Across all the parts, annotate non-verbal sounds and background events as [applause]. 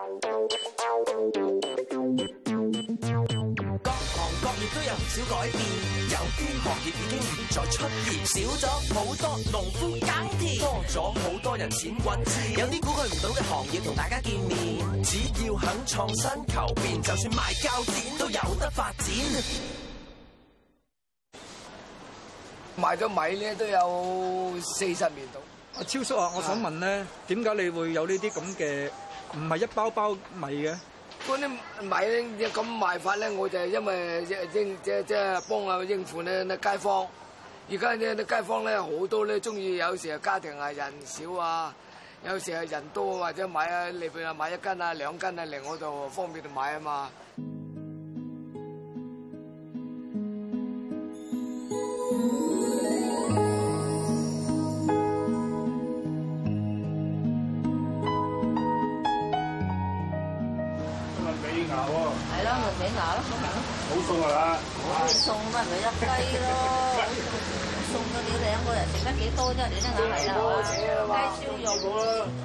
各行各業都有唔少改變，有啲行業已經唔再出現，少咗好多農夫耕田，多咗好多人錢滾。有啲估佢唔到嘅行業同大家見面，只要肯創新求變，就算賣膠剪都有得發展。賣咗米咧都有四十年度。阿超叔啊，我想問咧，點解你會有呢啲咁嘅？唔係一包包米嘅，嗰啲米咁賣法咧，我就因為應即即係幫我應付咧啲街坊。而家呢啲街坊咧好多咧中意，有時候家庭啊人少啊，有時候人多或者買啊，你邊買一斤啊兩斤啊，嚟我度方便買啊嘛。你送咪咪一雞咯， [laughs] 送到你兩個人，食得幾多啫？你啲眼嚟啦嘛，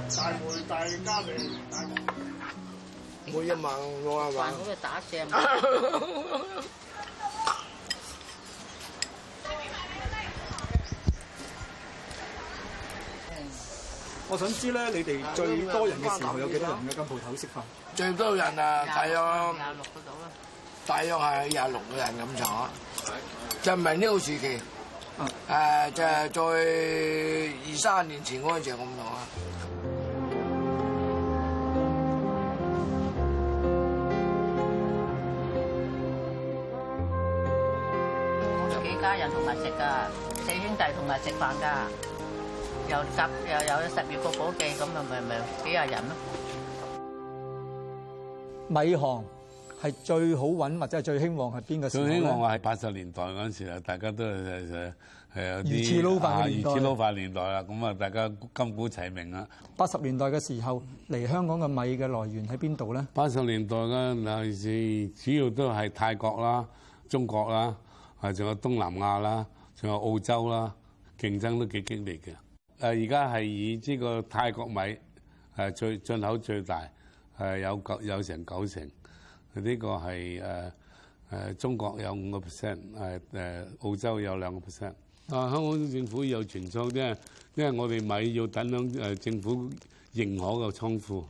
燒肉、嗯大，大大家梅，行每一晚六啊我打我想知咧，你哋最多人嘅時候有幾多人嘅？間鋪頭食飯？最多人啊，係啊，大約係廿六個人飲茶，就唔係呢個時期，誒，就係在二三年前嗰陣時我唔坐啊。我哋幾家人同埋食噶，四兄弟同埋食飯噶，又夾又有十二個伙計，咁又咪咪幾廿人咯。米行。係最好揾或者係最興旺係邊個時代？最興旺我係八十年代嗰陣時啊，大家都係係有啲啊，二次撈飯年代啦。咁啊，大家金股齊名啦。八十年代嘅時候，嚟香港嘅米嘅來源喺邊度咧？八十年代嘅嗱，主要都係泰國啦、中國啦，啊仲有東南亞啦，仲有澳洲啦，競爭都幾激烈嘅。誒，而家係以呢個泰國米係最進口最大，係有九有成九成。呢個係誒誒中國有五個 percent，誒誒澳洲有兩個 percent。啊，香港政府有存倉啲，因為我哋米要等響誒政府認可嘅倉庫。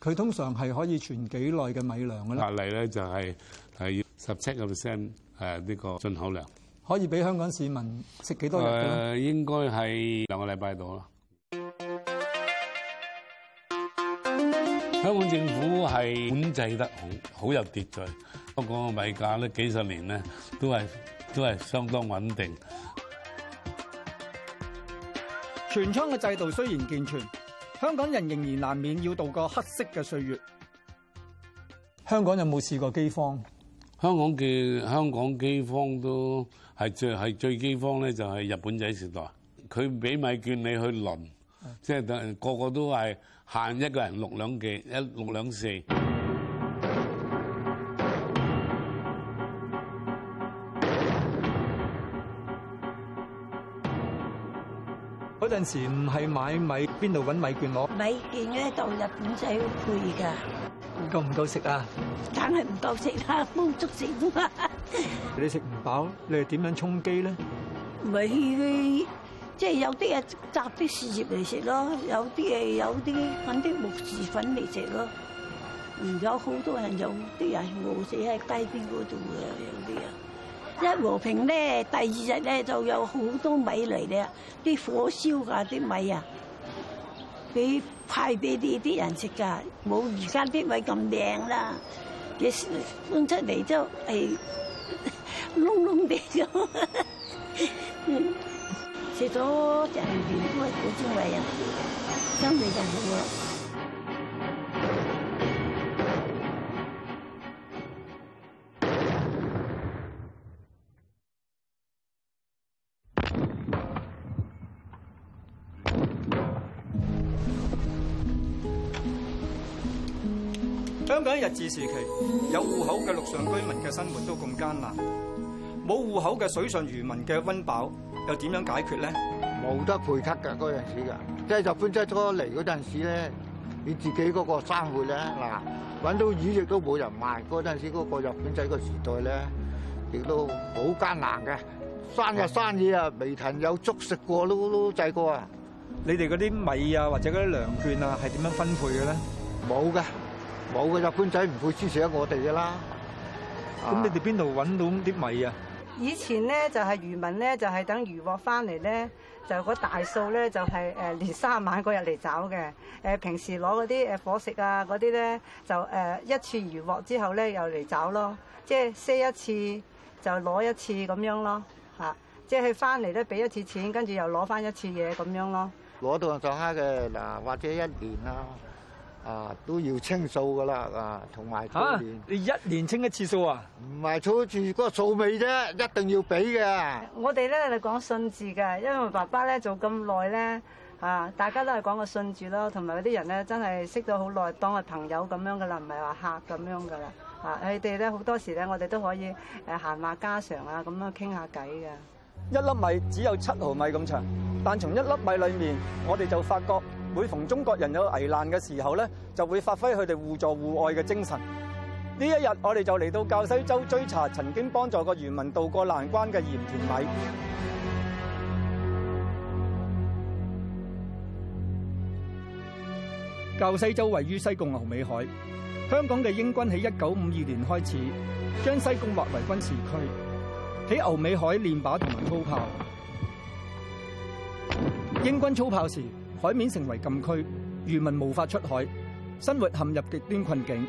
佢通常係可以存幾耐嘅米糧咧？例咧就係係要十七個 percent 誒呢個進口糧，可以俾香港市民食幾多日咧、啊？應該係兩個禮拜到啦。香港政府係管制得好，好有秩序。不過米價咧，幾十年咧都係都係相當穩定。全倉嘅制度雖然健全，香港人仍然難免要度過黑色嘅歲月。香港有冇試過饑荒香的？香港嘅香港饑荒都係最係最饑荒咧，就係日本仔時代，佢俾米券你去輪。即係等個個都係限一個人六兩幾，一六兩四。嗰陣時唔係買米，邊度揾米券攞？米券咧，到日本仔就要配㗎。夠唔夠食啊？梗係唔夠食啦，冇足食啦。你食唔飽，你係點樣充飢咧？米嘅。即係有啲啊，摘啲樹葉嚟食咯，有啲係，有啲揾啲木薯粉嚟食咯。而家好多人，有啲人餓死喺街邊嗰度嘅，有啲啊。一和平咧，第二日咧就有好多米嚟咧，啲火燒㗎啲米啊，俾派俾呢啲人食㗎，冇而家啲米咁靚啦。佢搬出嚟之後誒窿窿地咗咗就係點解冇中香港喺日治時期，有戶口嘅陸上居民嘅生活都咁艱難，冇戶口嘅水上漁民嘅溫飽。又點樣解決咧？冇得配給㗎嗰陣時㗎，即係日本仔初嚟嗰陣時咧，你自己嗰個生活咧嗱，揾到魚亦都冇人賣，嗰陣時嗰個日本仔個時代咧，亦都好艱難嘅，生又生嘢啊，微騰有粥食過都都仔過啊！你哋嗰啲米啊，或者嗰啲糧券啊，係點樣分配嘅咧？冇嘅，冇嘅，日本仔唔會支持我哋嘅啦。咁你哋邊度揾到啲米啊？以前咧就係漁民咧就係等漁獲翻嚟咧，就個大數咧就係誒連三晚嗰日嚟找嘅。誒平時攞嗰啲誒伙食啊嗰啲咧就誒一次漁獲之後咧又嚟找咯，即係賒一次就攞一次咁樣咯嚇，即係佢翻嚟咧俾一次錢，跟住又攞翻一次嘢咁樣咯。攞到就蝦嘅嗱，或者一年啦。啊，都要清數噶啦，啊，同埋過年。吓，你一年清一次數啊？唔係儲住嗰個數尾啫，一定要俾嘅。我哋咧你講信字嘅，因為爸爸咧做咁耐咧，啊，大家都係講個信字咯，同埋嗰啲人咧真係識咗好耐，當係朋友咁樣噶啦，唔係話客咁樣噶啦，啊，佢哋咧好多時咧，我哋都可以誒閒話家常啊，咁樣傾下偈嘅。一粒米只有七毫米咁長，但從一粒米裏面，我哋就發覺，每逢中國人有危難嘅時候咧，就會發揮佢哋互助互愛嘅精神。呢一日，我哋就嚟到滘西洲追查曾經幫助過漁民渡過難關嘅鹽田米。滘西洲位於西貢牛尾海，香港嘅英軍喺一九五二年開始將西貢劃為軍事區。喺牛尾海練靶同埋操炮，英軍操炮時，海面成為禁區，漁民無法出海，生活陷入極端困境。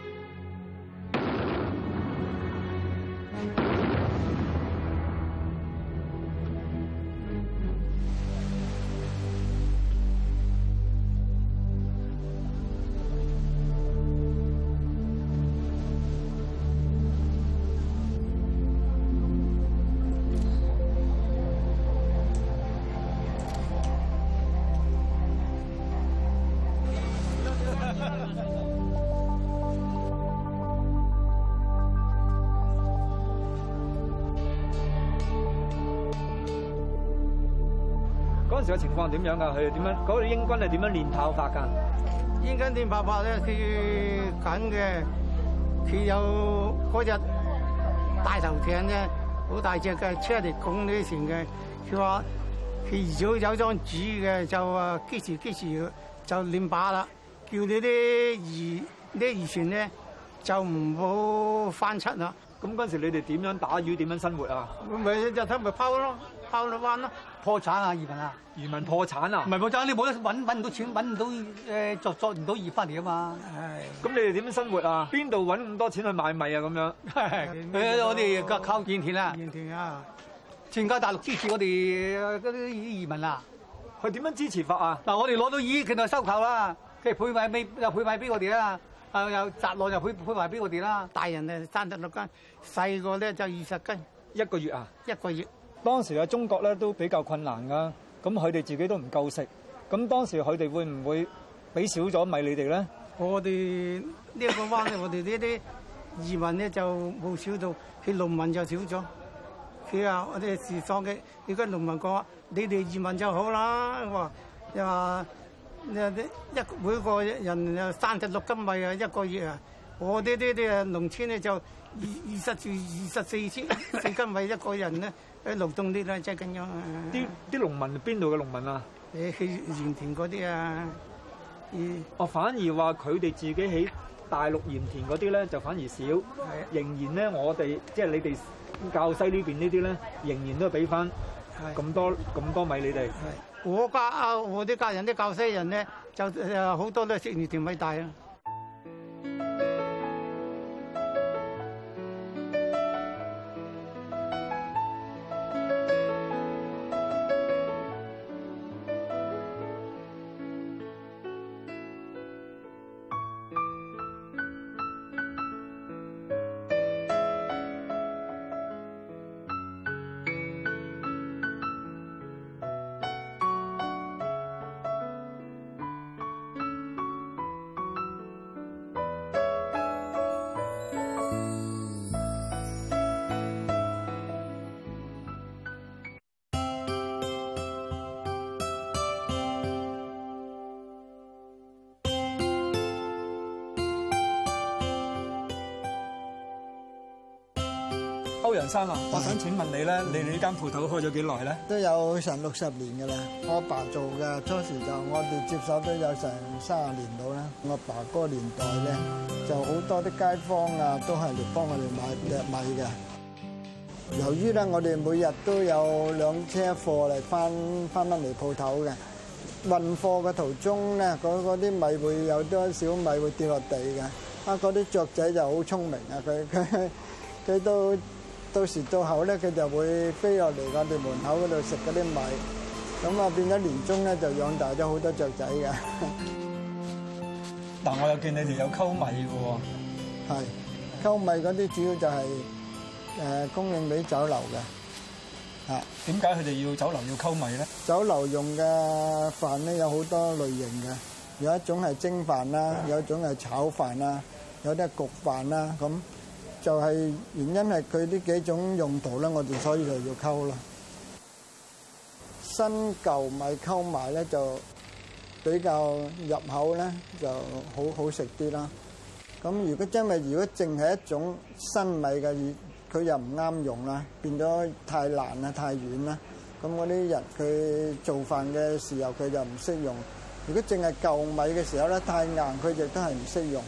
個情況點樣噶？佢點樣？嗰個英軍係點樣練炮法噶？英軍練炮法咧，佢緊嘅。佢有嗰隻大頭艇咧，好大隻嘅，車嚟拱呢啲船嘅。佢話佢預早有張紙嘅，就話幾時幾時就練靶啦。叫你啲魚呢船咧，就唔好翻出啦。咁嗰時你哋點樣打魚？點樣生活啊？咪就日睇，咪拋咯。包落灣咯，破產啊！移民啊！移民破產啊！唔係破產，你冇得揾，揾唔到錢，揾唔到誒，作作唔到業翻嚟啊嘛！咁、哎、你哋點樣生活啊？邊度揾咁多錢去買米啊？咁樣、哎，我哋靠漁田啦。漁田啊！建田啊，全靠大陸支持我哋啲移民啊！佢點樣支持法啊？嗱，我哋攞到魚，佢就收購啦，佢配賣咪又配賣俾我哋啦，啊，又摘落又配配賣俾我哋啦。大人誒，三十六間斤，細個咧就二十斤。一個月啊！一個月。當時啊，中國咧都比較困難㗎。咁佢哋自己都唔夠食，咁當時佢哋會唔會俾少咗米你哋咧？我哋呢個灣咧，我哋呢啲移民咧就冇少到，佢農民就少咗。佢啊，我哋時尚嘅，你跟農民講話，你哋移民就好啦。話你話你一每個人啊，三十六斤米啊，一個月啊，我哋呢啲啊，農村咧就二二十至二十四千四斤米一個人咧。喺勞動啲啦，即係咁樣啊！啲啲農民邊度嘅農民啊？誒，去鹽田嗰啲啊，嗯。我，反而話佢哋自己喺大陸鹽田嗰啲咧，就反而少。係。仍然咧，我哋即係你哋教西呢邊呢啲咧，仍然都係俾翻咁多咁多米你哋。係。我家啊，我啲家人啲教西人咧，就誒好多都係食鹽田米大啊。楊生啊，我想請問你咧，你哋呢間鋪頭開咗幾耐咧？都有成六十年嘅啦，我阿爸做嘅，當時就我哋接手都有成三十年度啦。我阿爸嗰個年代咧，就好多啲街坊啊，都係嚟幫我哋買粒米嘅。由於咧，我哋每日都有兩車貨嚟翻翻翻嚟鋪頭嘅，運貨嘅途中咧，嗰嗰啲米會有多少米會跌落地嘅。啊，嗰啲雀仔就好聰明啊，佢佢佢都～到時到後咧，佢就會飛落嚟我哋門口嗰度食嗰啲米，咁啊變咗年中咧就養大咗好多雀仔嘅。但係我又見你哋有溝米嘅喎。係，溝米嗰啲主要就係誒供應俾酒樓嘅。嚇？點解佢哋要酒樓要溝米咧？酒樓用嘅飯咧有好多類型嘅，有一種係蒸飯啦，有一種係炒飯啦，有啲係焗飯啦咁。就係原因係佢呢幾種用途咧，我哋所以就要溝啦。新舊米溝埋咧就比較入口咧就好好食啲啦。咁如果真係，如果淨係一種新米嘅，佢又唔啱用啦，變咗太爛啦、太軟啦。咁嗰啲人佢做飯嘅時候佢就唔識用。如果淨係舊米嘅時候咧，太硬佢亦都係唔識用。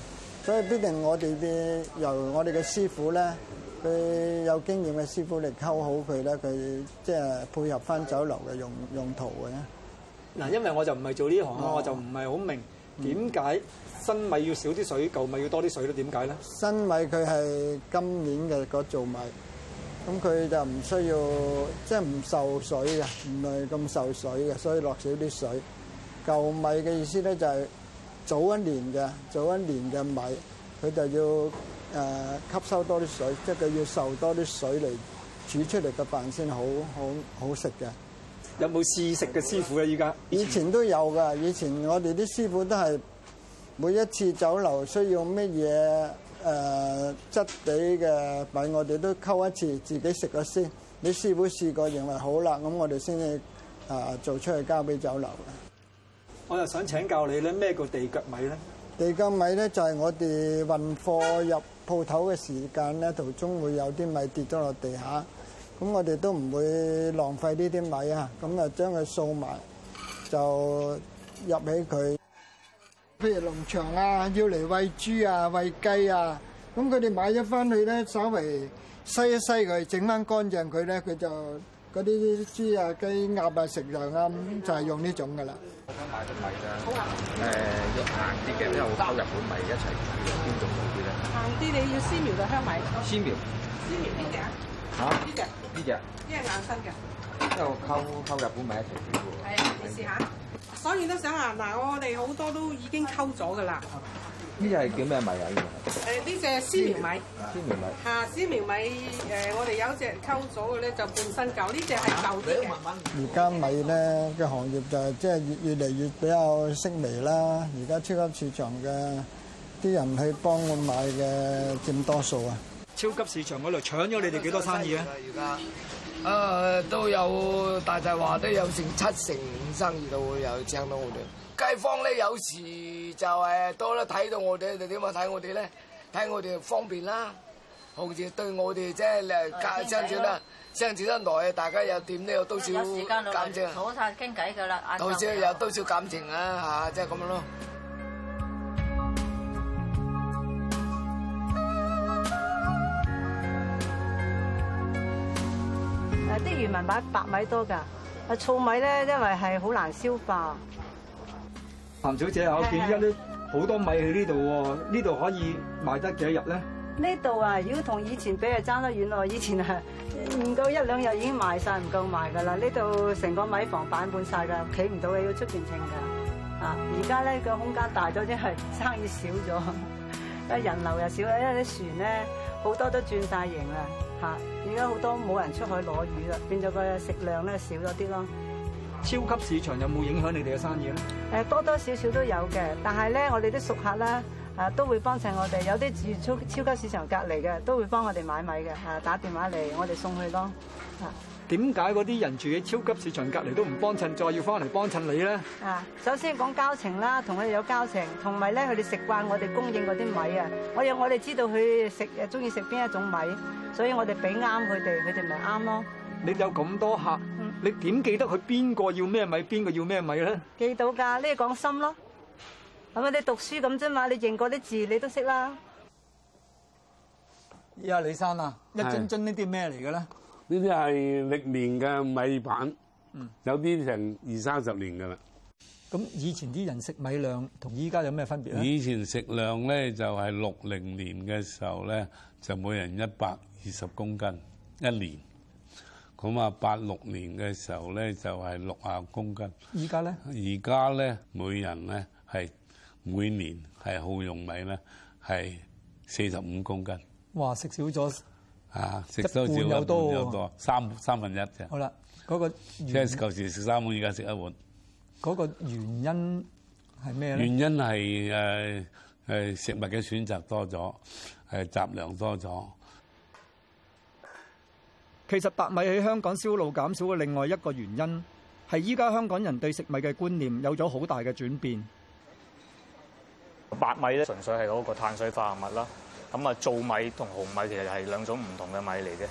所以必定我哋嘅由我哋嘅師傅咧，佢有經驗嘅師傅嚟溝好佢咧，佢即係配合翻酒樓嘅用用途嘅。嗱，因為我就唔係做呢行啦，我就唔係好明點解新米要少啲水，舊米要多啲水咧？點解咧？新米佢係今年嘅嗰造米，咁佢就唔需要即係唔受水啊，唔係咁受水嘅，所以落少啲水。舊米嘅意思咧就係。早一年嘅早一年嘅米，佢就要、呃、吸收多啲水，即係要受多啲水嚟煮出嚟嘅飯先好好好食嘅。有冇試食嘅師傅啊？依家對以，前以前都有㗎，以前我哋啲師傅都係每一次酒樓需要乜嘢誒質地嘅米，我哋都溝一次自己食咗先。你師傅試過認為好啦，咁我哋先至做出去交俾酒樓。我又想請教你咧，咩叫地腳米咧？地腳米咧就係我哋運貨入鋪頭嘅時間咧，途中會有啲米跌咗落地下，咁我哋都唔會浪費呢啲米啊，咁啊將佢掃埋就入起佢。譬如農場啊，要嚟餵豬啊、餵雞啊，咁佢哋買咗翻去咧，稍微篩一篩佢，整翻乾淨佢咧，佢就。嗰啲豬啊、雞、鴨啊食糧啊、嗯、就啱，就係用呢種噶啦。我想買啲米㗎。好啊、呃。要硬啲嘅，因為包日本米一齊煮，邊種好啲咧？硬啲你要絲苗嘅香米。絲苗。絲苗邊隻？啊！呢隻呢隻，呢隻硬身嘅，即係我溝溝日本買一條喎。係，你試下。所以都想啊，嗱，我哋好多都已經溝咗嘅啦。呢隻係叫咩米啊？誒，呢隻絲苗米。絲苗米。嚇，絲苗米誒，我哋有隻溝咗嘅咧，就半身舊。呢隻係舊啲嘅。而家米咧嘅行業就係即係越越嚟越比較式微啦。而家超級市場嘅啲人去幫我買嘅佔多數啊。超級市場嗰度搶咗你哋幾多生意啊？而家，啊都有大大話都有成七成五生意都會有，搶到我哋。街坊咧有時就係多咧睇到我哋，你點樣睇我哋咧？睇我哋方便啦，好似對我哋即係你相處得相處得耐，大家又點都有多少感情。坐晒傾偈㗎啦，多少有多少感情啊！即係咁樣咯。買白米多噶，啊糙米咧，因為係好難消化。彭小姐啊，是是我見依家好多米喺呢度喎，呢度是是 可以賣得幾多日咧？呢度啊，如果同以前比啊，爭得遠咯。以前係，唔夠一兩日已經賣晒，唔夠賣噶啦。呢度成個米房擺滿晒噶，企唔到嘅要出邊稱噶。啊，而家咧個空間大咗，即係生意少咗。但人流又少啦，因為啲船咧好多都轉晒型啦，吓！而家好多冇人出海攞魚啦，變咗個食量咧少咗啲咯。超級市場有冇影響你哋嘅生意咧？誒，多多少少都有嘅，但係咧我哋啲熟客咧啊都會幫襯我哋，有啲住超超級市場隔離嘅都會幫我哋買米嘅，啊打電話嚟我哋送去咯，啊！點解嗰啲人住喺超級市場隔離都唔幫襯，再要翻嚟幫襯你咧？啊，首先講交情啦，同佢哋有交情，同埋咧佢哋食慣我哋供應嗰啲米啊，我有我哋知道佢食誒鍾意食邊一種米，所以我哋俾啱佢哋，佢哋咪啱咯。你有咁多客，你點記得佢邊個要咩米，邊個要咩米咧？記到㗎，呢講心咯，咁你讀書咁啫嘛，你認過啲字你都識啦。而家李生啊，一樽樽呢啲咩嚟嘅咧？呢啲係歷年嘅米板，嗯，有啲成二三十年嘅啦。咁以前啲人食米量同依家有咩分別啊？以前食量咧就係六零年嘅時候咧，就每人一百二十公斤一年。咁啊，八六年嘅時候咧就係六啊公斤。依家咧？依家咧，每人咧係每年係耗用米咧係四十五公斤。哇！食少咗。啊！食碗又多，三三分一啫。好啦，嗰、那個即係舊時食三碗，而家食一碗。嗰個原因係咩咧？原因係誒誒食物嘅選擇多咗，誒、呃、雜糧多咗。其實白米喺香港銷路減少嘅另外一個原因係依家香港人對食米嘅觀念有咗好大嘅轉變。白米咧，純粹係嗰個碳水化合物啦。咁啊，糙米同紅米其實係兩種唔同嘅米嚟嘅。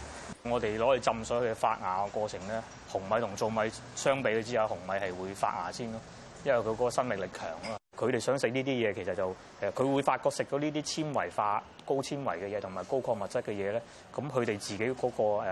我哋攞去浸水去發芽嘅過程咧，紅米同糙米相比咗之下，紅米係會發芽先咯，因為佢個生命力強啊。佢哋想食呢啲嘢，其實就誒，佢會發覺食到呢啲纖維化、高纖維嘅嘢，同埋高礦物質嘅嘢咧，咁佢哋自己嗰個誒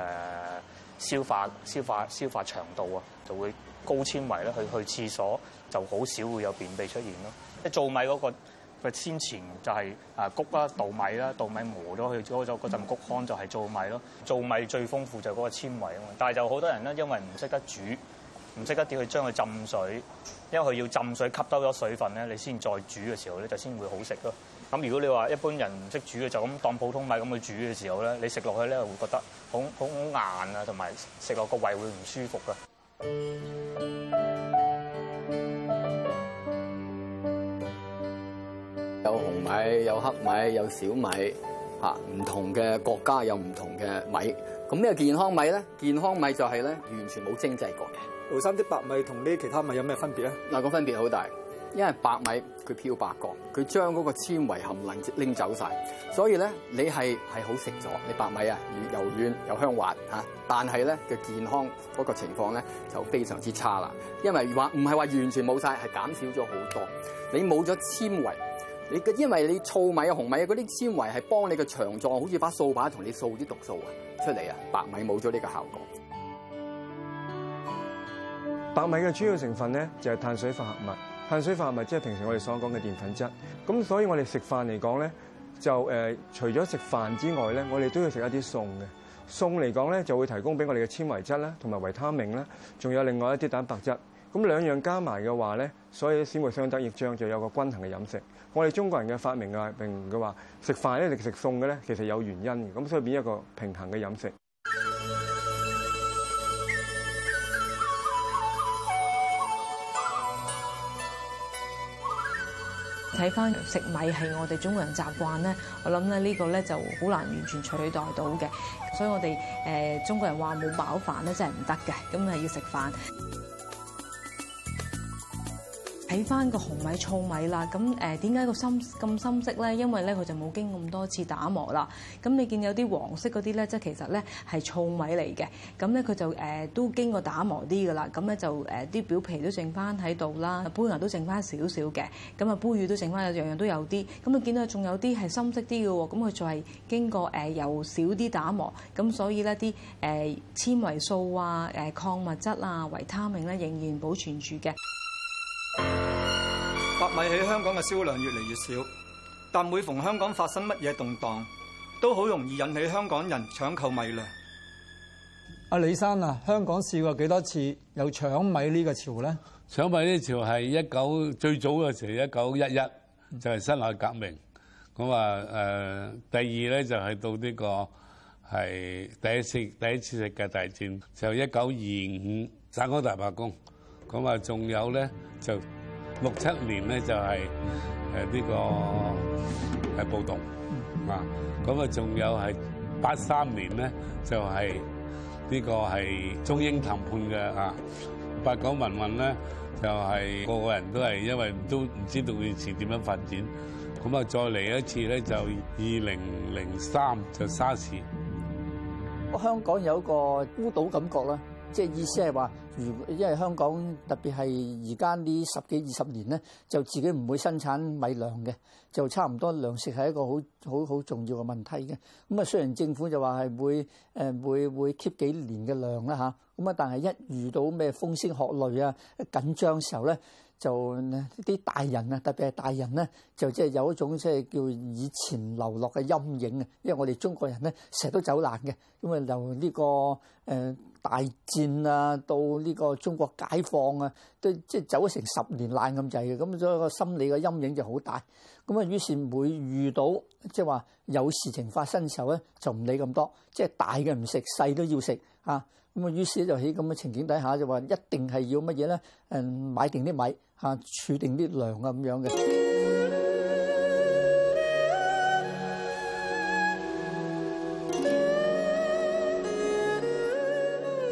消化、消化、消化腸道啊，就會高纖維咧，去去廁所就好少會有便秘出現咯。即係糙米嗰個。佢先前就係啊穀啦、稻米啦、稻米磨咗佢，攞咗嗰陣穀糠就係糙米咯。糙米最豐富就係嗰個纖維啊嘛。但係就好多人咧，因為唔識得煮，唔識得點去將佢浸水，因為佢要浸水吸收咗水分咧，你先再煮嘅時候咧就先會好食咯。咁如果你話一般人唔識煮嘅，就咁當普通米咁去煮嘅時候咧，你食落去咧會覺得好好好硬啊，同埋食落個胃會唔舒服噶。有紅米，有黑米，有小米，吓、啊、唔同嘅國家有唔同嘅米。咁呢個健康米咧？健康米就係咧，完全冇精製過嘅。盧生啲白米同呢其他米有咩分別咧？嗱，個分別好大，因為白米佢漂白過，佢將嗰個纖維含量拎走晒，所以咧你係係好食咗你白米啊，又軟又香滑吓、啊，但係咧佢健康嗰個情況咧就非常之差啦。因為話唔係話完全冇晒，係減少咗好多，你冇咗纖維。你因為你糙米啊、紅米啊嗰啲纖維係幫你個腸臟好似把掃把同你掃啲毒素啊出嚟啊。白米冇咗呢個效果。白米嘅主要成分咧就係、是、碳水化合物，碳水化合物即係平時我哋所講嘅澱粉質。咁所以我哋食飯嚟講咧，就誒、呃、除咗食飯之外咧，我哋都要食一啲餸嘅餸嚟講咧，就會提供俾我哋嘅纖維質啦，同埋維他命啦，仲有另外一啲蛋白質。咁兩樣加埋嘅話咧，所以先會相得益彰，就有個均衡嘅飲食。我哋中國人嘅發明啊，並嘅話食飯咧定食餸嘅咧，其實有原因。咁所以變一個平衡嘅飲食。睇翻食米係我哋中國人習慣咧，我諗咧呢個咧就好難完全取代到嘅。所以我哋誒、呃、中國人話冇飽飯咧，真係唔得嘅，咁啊要食飯。睇翻個紅米、糙米啦，咁誒點解個深咁深色咧？因為咧佢就冇經咁多次打磨啦。咁你見有啲黃色嗰啲咧，即係其實咧係糙米嚟嘅。咁咧佢就誒、呃、都經過打磨啲噶啦。咁咧就誒啲、呃、表皮都剩翻喺度啦，胚芽都剩翻少少嘅。咁啊，胚乳都剩翻，樣樣都有啲。咁啊，見到仲有啲係深色啲嘅喎。咁佢就係經過誒由、呃、少啲打磨，咁所以咧啲誒纖維素啊、誒、呃、礦物質啊、維他命咧仍然保存住嘅。白米喺香港嘅銷量越嚟越少，但每逢香港發生乜嘢動盪，都好容易引起香港人搶購米糧。阿李生啊，香港試過幾多次有搶米呢個潮咧？搶米呢潮係一九最早嘅時候，一九一一就係辛亥革命。咁啊誒，第二咧就係到呢、呢個係第一次第一次世界大戰，就一九二五省港大罷工。咁啊，仲有咧就六七年咧就係誒呢個誒暴動啊，咁啊仲有係八三年咧就係呢個係中英談判嘅啊，八九民運咧就係個個人都係因為都唔知道以前點樣發展，咁啊再嚟一次咧就二零零三就沙士，香港有一個孤島感覺啦，即係意思係話。因因為香港特別係而家呢十幾二十年咧，就自己唔會生產米糧嘅，就差唔多糧食係一個好好好重要嘅問題嘅。咁啊，雖然政府就話係會誒會會 keep 幾年嘅糧啦嚇，咁啊，但係一遇到咩風聲鶴唳啊，緊張時候咧。就呢啲大人啊，特別係大人咧，就即係有一種即係叫以前流落嘅陰影啊。因為我哋中國人咧，成日都走難嘅，咁啊由呢個誒大戰啊，到呢個中國解放啊，都即係、就是、走咗成十年難咁滯嘅，咁所以個心理嘅陰影就好大。咁啊，於是每遇到即係話有事情發生嘅時候咧，就唔理咁多，即、就、係、是、大嘅唔食，細都要食啊。咁啊，於是咧就喺咁嘅情景底下就話，一定係要乜嘢咧？誒，買定啲米吓，儲定啲糧啊咁樣嘅。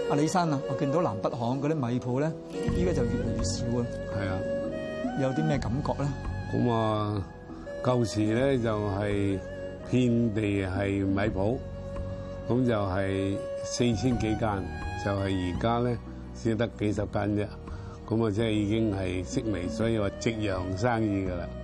阿李生啊，我見到南北巷嗰啲米鋪咧，依家就越嚟越少啊。係啊，有啲咩感覺咧？咁啊，舊時咧就係遍地係米鋪。咁就係四千幾間，就係而家呢只得幾十間啫。咁我即係已經係式微，所以話夕陽生意㗎喇。